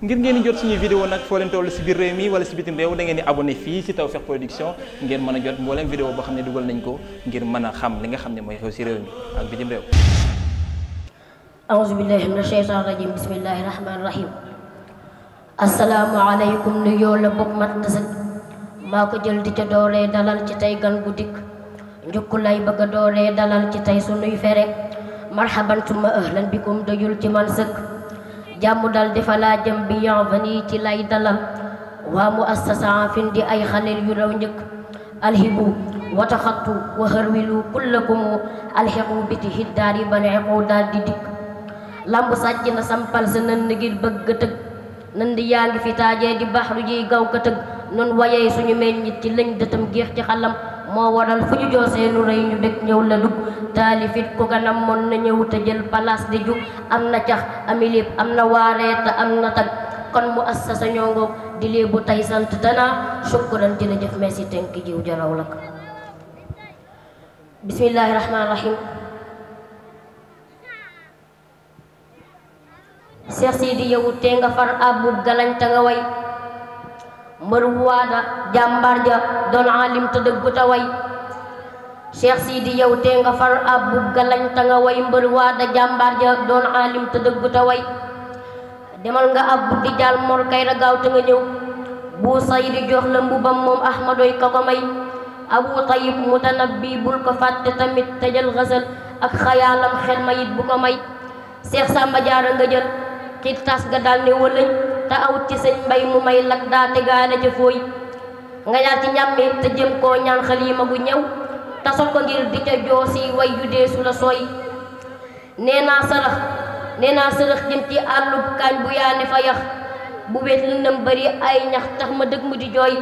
ngir ngeen di jot suñuy vidéo nag foo leen toll si biir réew mi wala si bitim réew da ngeen di abonné fii si Tawfekh Production ngeen mën a jot mbooleem vidéo boo xam ne dugal nañ ko ngir mën a xam li nga xam ne mooy xew si réew mi ak bitim réew aousubillahi mina sheytan rajim bismillahi rahmani rahim asalaamaaleykum nu yow la bopp mat na maa ko jël di ca doolee dalal ci tey gan gu dikk njukku lay bëgg a doolee dalal ci tey sunuy fere marhaban tuma ahlan bikum doyul ci man sëkk jàmm dal defa laa jëm bi bienvenue ci lay dalal waa mu assasa fin ay xaleel yu raw njëkk alhibu wataxattu wa xërwilu kullakumu alxiqu biti xiddaar yi bane xequ daal di dikk lamb sàcc na sampal sa nënd ngir bëgg tëgg nënd yaa ngi fi taajee di baxru jiy gaw ka tëgg noonu wayee suñu meññit ci lëñ dëtam géex ci xalam moo waral fu ñu joosee lu rëy ñu dëkk ñëw la dugg taalifit ku ganam mën na ñëw te jël palaas di jug am na cax ami am na waaree te am na tag kon mu assasa ñoo ngoog di lii bu tey sant danaa shukran jërëjëf merci tënk jiw jaraw la ko bismillahi rahmaani rahim Seex Sidi yow te nga far àbbu galañ ta nga way mbëru waada jàmbar ja doon alim te ta way cheikh sidi yow te nga far ab bu galañ ta nga way mbëru waada jàmbar ja doon alim te ta way demal nga ab bu di jaal mor kay ra gaaw te nga ñëw bu saydi jox la mbubam moom ahmadoy ka ko may abu tayib mutanabbi bul ko fàtte tamit tëjal xësal ak xayaalam xel ma yit bu ko may cheikh samba jaara nga jël xit tas ga daal ne wëlëñ te awut ci sëñ mbay mu may lak daa tegaane ca fooy nga jaar ci ñàmmi te jëm koo ñaan xaliima gu ñëw tasol ko ngir di ca joosi way yu deesu la sooy nee naa sarax nee naa sarax jëm ci àllub kaañ bu yaane fa yax bu wet lëndëm bari ay ñax tax ma dëgg mu di jooy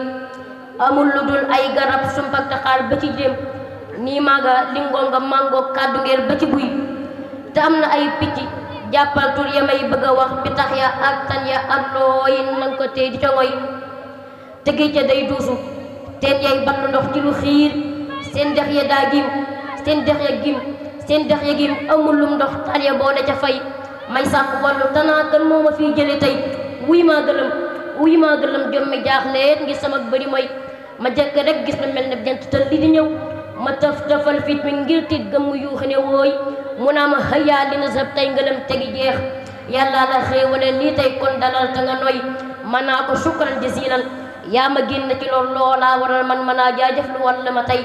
amul lu dul ay garab sumpak taxaar ba ci jëm nii maaga lingoon nga màngook kàddu ngeen ba ci buy te am na ay picc jàppal tur ya may bëgg a wax bi tax ya ak tan ya ak nooyin nanga tey di congoy te géej ca day duusu teen yay bann ndox ci lu xiir seen dex ya daa gim seen dex ya gim seen dex ya gim amul lum ndox taal ya boo ne ca fay may sàkk wallu tanaa kan moo ma fii jële tey wuy maa gëlëm wuy maa gëlëm jom mi ngir sama bëri mooy ma jekk rek gis na mel ne jant tël di ñëw ma taf tafal fit mi ngir tiit gëmm yuuxi ne mu naa ma xëyaa li na sab tey ngëlam tegi jeex yàlla la xéewale lii tey kon dalal ta noy man naa ko sukkaral jasiilal yaa ma génn ci loolu loolaa waral man man naa jaajëf lu walla ma tey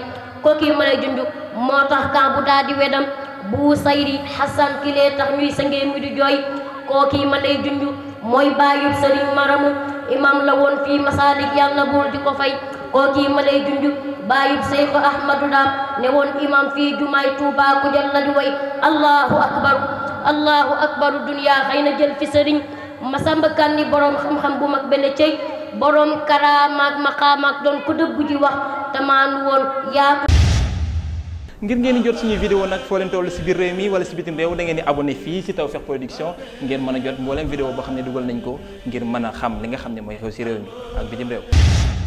kookii ma lay junj moo tax kan daa di wedam bu sayri xasan ki lee tax ñuy sangee mu ma lay junj mooy bàyyub sëriñ maramu imam la woon fii masaalik na buur di ko fay kookii ma lay junj bàyyit Seyxu Ahmadu Ndaam ne woon imam fii jumaay Tuuba ku jël la di way allahu akbar allahu akbaru dunya xëy na jël fi sëriñ Masamba Kanni borom xam-xam bu mag benn cey borom karaamaak maqaamaak doon ko dëggu ji wax tamaan woon yaatu ngir ngeen di jot suñuy vidéo nag foo leen toll si biir réew mi wala si bitim réew da ngeen di abonné fii si Tawfekh Production ngeen mën a jot mbooleem vidéo boo xam ne dugal nañ ko ngir mën xam li nga xam ne mooy xew si réew mi ak